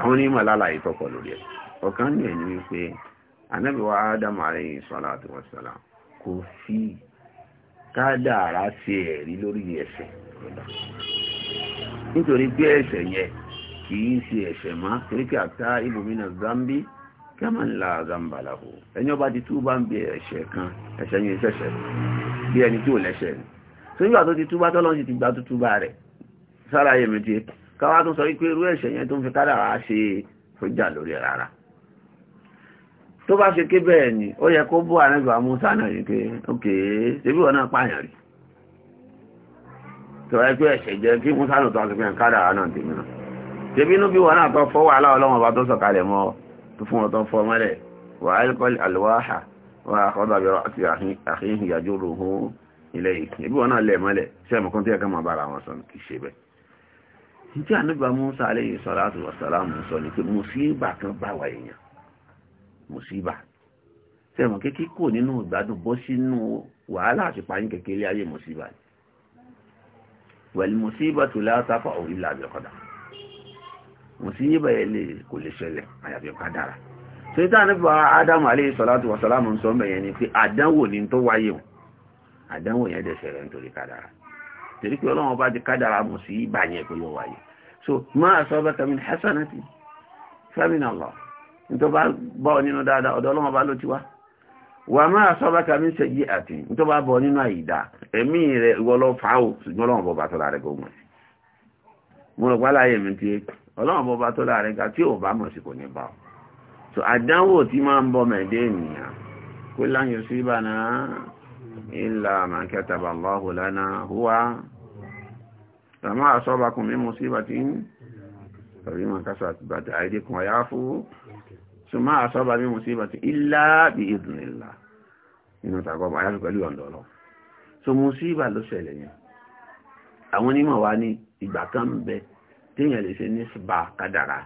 àwọn onímọ̀ lálàyé tọ́pọ̀ lórí ẹ̀ ọ̀kan ní ẹ̀yìn wípé ànábì wa ádámù alayhi salatu wassalam kò fi kádàrá ṣe ẹ̀rí lórí ẹ̀ṣẹ̀ nítorí pé ẹ̀ṣẹ̀ yẹn kì í ṣe ẹ̀ṣẹ̀ mọ́ torí pé àtá ibùmínà zambi kẹ́mọ̀n la zamba lahu ẹni ọba ti túbà ń bẹ ẹ̀ṣẹ̀ kan ẹ̀ṣẹ̀ yẹn ṣẹ̀ṣẹ̀ bí ẹni tí ò lẹ́ṣẹ̀ ni sójú àtúntì túbà tọ́lọ́ ti ti gba tútúbà rẹ̀ sára yẹmi ti káwá tó sọ wípé irú ẹ̀ṣẹ̀ yẹn tó ń fi kádàrá ṣe fújà lórí rárá tó bá ṣe ké bẹ́ẹ̀ ni ó yẹ kó bó àrẹ́gbà amúsá náà yìí pé ókè ṣébí wọn náà pààyàn rí tó ẹ pé ẹ̀ṣẹ̀ jẹ́ kí musa lò tó a ti fi hàn kádàrá náà tèmi náà ṣébí inú bí wọn náà tó fọ́ wàhálà ọlọ́wọ́n bá tó sọ̀kalẹ̀ mọ́ tó fún wọn tó fọ́ mọ́lẹ̀ wàhálà kọ́lì àlùwáhà wà àkọ́dà bẹ̀rọ ròhún ilẹ̀ yìí títí ànábà Musa alayhi salatu wassalam sọ ni pé mùsíbà kan bá wa èèyàn mùsíbà sẹ́wọ̀n kékeré kò nínú ìgbádùn bọ́ sínú wàhálà àti pààyàn kékeré ayé mùsíbà ni wẹ̀lú mùsíbà tó látàfà òrí làbẹ̀ kọ́dà mùsíbà yẹn lè kò lè ṣẹlẹ̀ àyàfi kádàrá sèta nípa Ádámù alayhi salatu wassalam ń sọ mẹ́yẹn ni pé àdánwò ni tó wáyé wọn àdánwò yẹn dẹ̀ ṣẹlẹ̀ nítorí kádàrá torí pé ọlọ́run bá ti kádàrà mọ̀ sí ìbàyẹn kò yọ wáyé so máa sọ bẹ́ẹ̀ kẹ́mi hasanati fẹ́mìnà lọ nítorí bá bọ́ nínú dáadáa ọ̀dọ̀ ọlọ́run bá ló ti wá wà máa sọ bẹ́ẹ̀ kẹ́mi ṣe yí àti nítorí bá bọ́ nínú àyídá ẹ̀mí rẹ̀ ìwọ lọ fà ó ṣùgbọ́n ọlọ́run bọ́ bá tọ́lá rẹ̀ kò sí mo rò pálá yẹ̀mí ti ọlọ́run bọ́ bá tọ́lá rẹ̀ ga tí ò bá mọ̀ sí kò ní bá ọ so àdánwò tí máa ń bọ́ mẹ́ẹ̀dẹ́ ènìyàn kó láyọ̀ sí ìbànú ìlà màkẹ́tàbà lọ́hùn lánàá hùwà sàmà àṣọ́bakùn mímú sí bàtí ń sọ̀rí ma kásà bàtí àìdíkùn àyá fún sàmà àṣọ́bà mímú sí bàtí ilá bí ìdùnnìlá inú tàgọ́bà àyájú pẹ̀lú ọ̀ndọ̀lọ́ so mú sí bà ló ṣẹlẹ̀ yẹn àwọn onímọ̀ wa ní ìgbà kan bẹ téèyàn lè ṣe ní sùbà kádàrà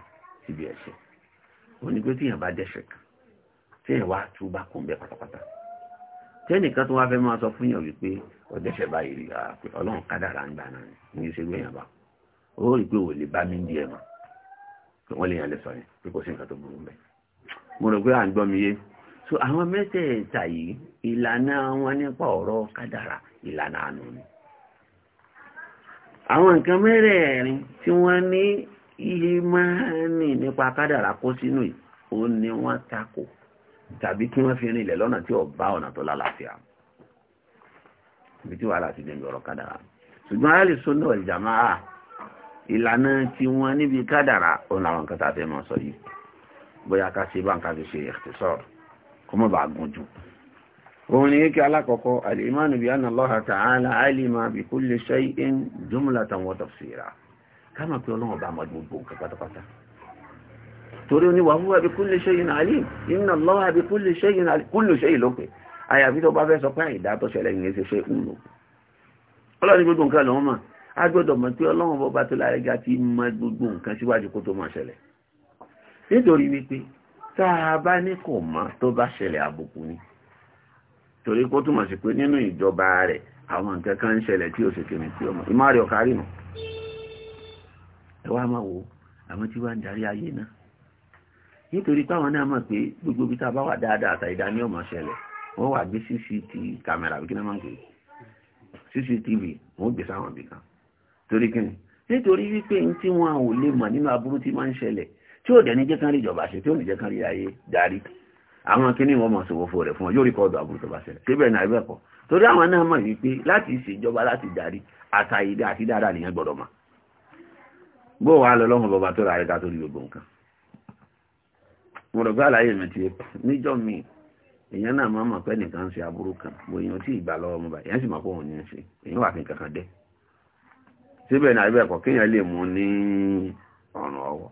síbi ẹ̀ṣẹ̀ òní pé téèyàn bá dẹ́ṣẹ̀ kan téèyàn wá túbà kò bẹ pátápátá tẹ́nìkan tó wá fẹ́ máa sọ fún yàn wípé ọ̀dẹ́sẹ̀ báyìí rí ah, pé ọlọ́run kádàrà ń gbà náà ní ní ṣégbé yàn bá ó rí pé òòlì bá mi ń di ẹ̀mọ́ pé wọ́n lè yàn lè sọ yẹn pé kò sí nǹkan tó burú bẹ́ẹ̀. mo rò pé à ń gbọ́ mi yé so àwọn mẹ́tẹ̀ẹ̀ta yìí ìlànà wọn nípa ọ̀rọ̀ kádàrà ìlànà àánú ni. àwọn nǹkan mẹ́rẹ̀ẹ̀rin tí wọ́n ní ìmánì nípa kádàrà kó sínú yìí ó ní wọ́n takò tàbí kí wọ́n fi rin ilẹ̀ lọ́nà tí ó bá ọ̀nà tó lálàáfíà ibi tí wàhálà ti dẹ̀mí ọ̀rọ̀ kádàrà ṣùgbọ́n ayé lè so náà ìjàmá à ìlànà tí wọ́n níbi kádàrà òun làwọn kan tàbí ẹ̀mọ́ sọ yìí bóyá ká ṣe bá nǹkan fi ṣe ikhtisar kó mọ̀ bá gùn jù òun ni kí alákọ̀ọ́kọ́ al-imanu bi anna Allah ta'ala alima bi kulli shay'in jumlatan wa tafsira ká mọ̀ torí ó ní wà fún ẹbí kulli shay'in alim inna Allaha bi kulli shay'in alim kullu shay'in lókè àyàfi tó bá fẹ́ sọ pé àyìndá tó ṣẹlẹ̀ yìí ṣe ṣe ùlù ọlọ́run gbogbo nǹkan lọ́wọ́ mà á gbọ́dọ̀ mọ̀ pé ọlọ́run bọba tó láre ga ti mọ gbogbo nǹkan síwájú kó tó máa ṣẹlẹ̀ nítorí wípé tá a bá ní kò mọ̀ tó bá ṣẹlẹ̀ àbùkù ni torí kó túmọ̀ sí ṣe kìnnì àwọn tí wàá ń darí ayé náà nítorí táwọn náà mọ̀ pé gbogbo ibi tá a bá wà dáadáa àtà ìdá ní ọmọ ṣẹlẹ̀ wọ́n wà gbé cctv camera bí kí ni wọ́n ń pè cctv wọ́n gbé sáwọn ibì kan torí kí ni nítorí wípé ní tí wọn ò lè mọ̀ nínú aburú tí máa ń ṣẹlẹ̀ tí ò dẹ̀ ní jẹ́ kán rí ìjọba ṣe tí ò ní jẹ́ kán rí ayé darí àwọn kíní wọn mọ̀ sòwò fò rẹ̀ fún ọ yóò rí kọ́ọ̀dù àbúrò tó bá ṣẹlẹ̀ síbẹ̀ náà ibẹ̀ pọ̀ torí mo rọ̀ pé àlàyé mi ti níjọ́ mi èèyàn náà máa nìkan ṣe aburú kan mo èèyàn tí ìgbà lọ́wọ́ mo bá èèyàn sì máa ní ṣe èèyàn wà n kankan dẹ́ síbẹ̀ náà ibẹ̀ lè mú ní ọ̀ràn ọwọ́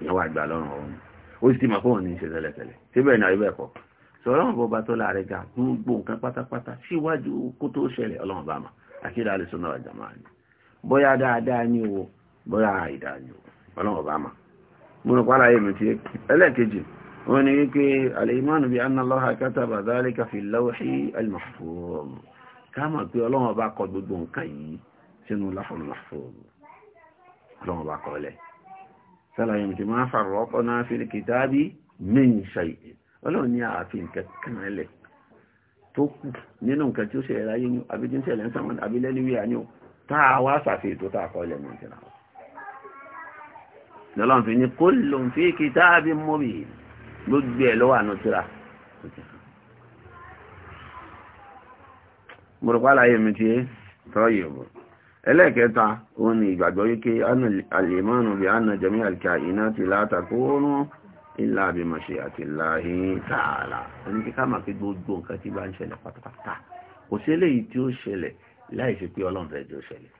èèyàn wà gbà ọwọ́ ó sì ti máa ṣe tẹ́lẹ̀tẹ́lẹ̀ síbẹ̀ náà múnupára ayé mi ti ẹlẹ́ẹ̀kejì wọ́n ni wípé alìmánu bí anna Allaha kataba dhalika fi lawhi al-mahfuz káàmà pé ọlọ́wọ́n bá kọ gbogbo nǹkan yìí sínú lawhul mahfuz ọlọ́wọ́n bá kọ lẹ̀ sálàyé mi ti máa farraqna fil kitabi min shay'in ọlọ́wọ́n ní ààfin kankan lẹ̀ tó kù nínú nǹkan tí ó ṣẹlẹ̀ lọ́lọ́run fi ní kullun fi kitabim mubin gbogbo ẹ̀ lọ́wọ́ àánú síra. mo rò pàlàyé mi ti tọ́yì ọ̀bọ̀ ẹlẹ́ẹ̀kẹta òun ni ìgbàgbọ́ wípé alìmọ́nù bí anna jami alka iná ti látàkóóró ilá bí ma ṣe àti láàáhí tààlà ẹni kíká máa fi gbogbo nǹkan tí bá ń ṣẹlẹ̀ pátápátá kò sí eléyìí tí ó ṣẹlẹ̀ láìsí pé ọlọ́run fẹ́ jẹ́ ó ṣẹlẹ̀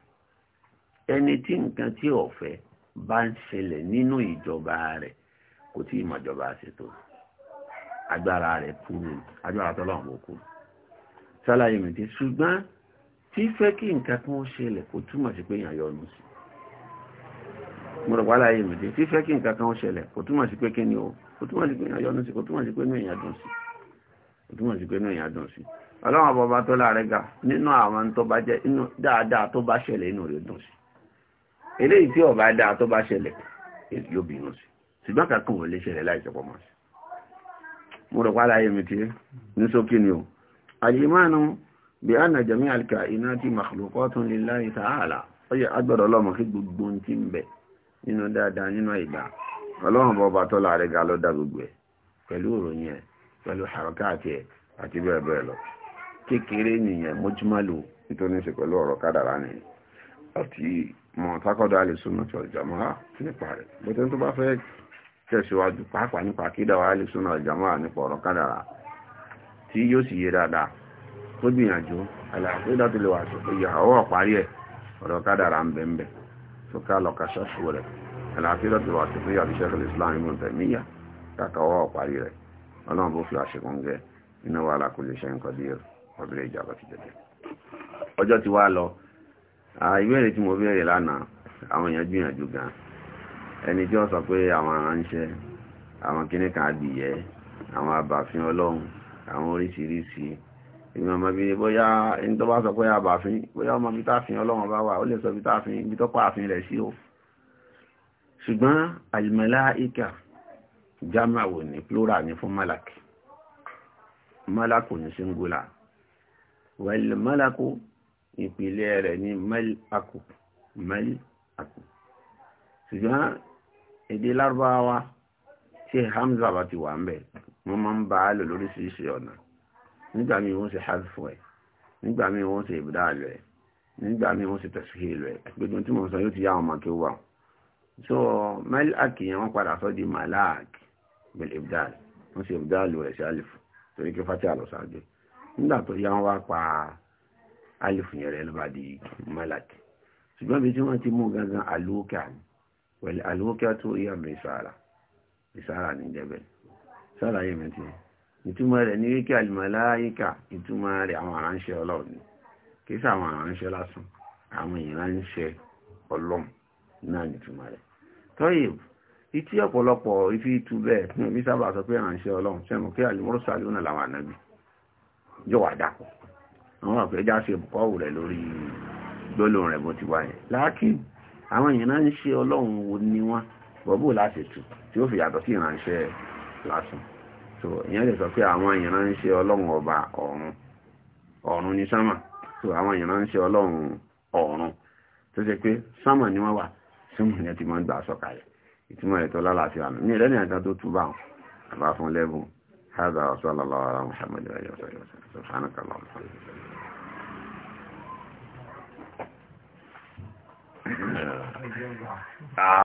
ẹni tí nǹkan tí ó bá ń ṣẹlẹ̀ nínú ìjọba rẹ̀ kò tí ì mọ ìjọba ṣètò agbára rẹ̀ kúrò agbára tọ́lọ́run kò kú sálàyé mi ti ṣùgbọ́n fífẹ́ kí nǹkan kan ṣẹlẹ̀ kò túmọ̀ sí pé èèyàn yọnu sí mo rọ̀ wálá yìí mìíràn fífẹ́ kí nǹkan kan ṣẹlẹ̀ kò túmọ̀ sí pé kíni o kò túmọ̀ sí pé èèyàn yọnu sí kò túmọ̀ sí pé inú èèyàn dùn sí kò túmọ̀ sí pé inú èèyàn dùn sí ọlọ́run ọba tó láàrẹ́ ga nínú àwọn tó bá jẹ́ inú dáadáa tó bá ṣẹlẹ̀ inú rẹ̀ dùn sí eléyìí tí ọba dáa tó bá ṣẹlẹ̀ yóò bínú sí ṣùgbọ́n kankan ò lè ṣẹlẹ̀ láì ṣọpọ̀ mọ́ sí mo rọ̀ pàdà ayé mi tí ní sókè ni o àyèmánu bí a nà jẹ́mí àlìkà iná tí màkàlùkọ́ tún lè láì ó yẹ ọlọ́mọ kí gbogbo ń ti ń bẹ nínú dáadáa nínú ìgbà ọlọ́run bọ́ bá tọ́lá rẹ̀ ga ló gbogbo ẹ̀ pẹ̀lú ẹ̀ pẹ̀lú mọ̀ tákọ̀dọ̀ alìsúnà tí ọ̀jàmọ́ nípa rẹ̀ bó tẹ́ tó bá fẹ́ tẹ̀síwájú pàápàá nípa kídàwà alìsúnà ọ̀jàmọ́ nípa ọ̀rọ̀ kádàrà tí yóò sì yé dáadáa tó gbìyànjú àlàáfíà tó lè wà sọ pé ìyàwó Islam inú tẹ̀míyà kàkà ọwọ́ ọ̀parí rẹ̀ ọlọ́run bó fi àṣekùn gẹ inú wa alákòlè ṣe ń kọ́ ọjọ́ ti wá lọ Ah, ìbéèrè tí mo béèrè lánàá àwọn èèyàn gbìyànjú gan ẹni tí ó sọ pé àwọn aránṣẹ́ àwọn kíní kan adìyẹ àwọn abàfin ọlọ́run àwọn oríṣiríṣi ìmọ̀ ọmọbi bóyá ẹni tó bá sọ pé abàfin bóyá ọmọbi táàfin ọlọ́run bá wà ó lè sọ bí táàfin ibi tó pa àfin rẹ̀ sí o ṣùgbọ́n àlùmọ́láìkà jámàwò ní plural ní fún malak malak ní singular wẹ̀lẹ̀ malaku ìpìlẹ̀ rẹ̀ ní mẹ́lì akù mẹ́lì akù ṣùgbọ́n èdè lárúbáwá tí hamza bá ti wà ń bẹ̀ wọ́n máa ń bá a lò lóríṣiríṣi ọ̀nà nígbà míì wọ́n ṣe hadfu ẹ̀ nígbà míì wọ́n ṣe ìbúdá lẹ̀ nígbà míì wọ́n ṣe tẹ̀síhì lẹ̀ gbogbo tí mo sọ yóò ti yá ọmọ kí wà so mẹ́lì akì yẹn wọ́n padà sọ di malak bẹ̀lẹ̀ ìbúdá wọ́n ṣe ìbúdá lò rẹ̀ sí alifu torí kí fatia lọ nígbà tó yá wọn wá pa á alif yẹn rẹ̀ ló bá di malak ṣùgbọ́n bí tí wọ́n ti mú gangan alókà ni pẹ̀lú alókà tó yà mí sára ìsára ní jẹ́bẹ̀ sára yẹn mẹ́tì ìtumọ̀ rẹ̀ ní wíkẹ́ alìmọ̀láyíkà ìtumọ̀ rẹ̀ àwọn aránṣẹ́ ọlọ́run ni kì í sàwọn aránṣẹ́ lásán àwọn ìránṣẹ́ ọlọ́run náà nìtumọ̀ rẹ̀ tọ́yì ìtí ọ̀pọ̀lọpọ̀ ifi tu bẹ́ẹ̀ fún ibi sọ pé aránṣẹ́ ọlọ́run sẹ́mu kí alìmọ́rọ́sọ àwọn àfẹ́já ṣe bọ́ọ̀wù rẹ̀ lórí gbólóhùn rẹ̀ bó ti wáyé láàkín àwọn èèyàn náà ń ṣe ọlọ́run wo ni wọ́n bọ́bù láti tù tí ó fi yàtọ̀ sí ìránṣẹ́ lásán so ìyẹn lè sọ pé àwọn èèyàn náà ń ṣe ọlọ́run ọba ọ̀run ọ̀run ni sámà so àwọn èèyàn náà ń ṣe ọlọ́run ọ̀run tó ṣe pé sámà ni wọ́n wà símù yẹn ti máa ń gbà sọ̀kalẹ̀ ìtumọ̀ ètò lálàáfíà ní ẹlẹ́ni àjá tó túbà àbá fún lẹ́bùn هذا وصلى الله على محمد وآله وصحبه وسلم سبحانك اللهم وبحمدك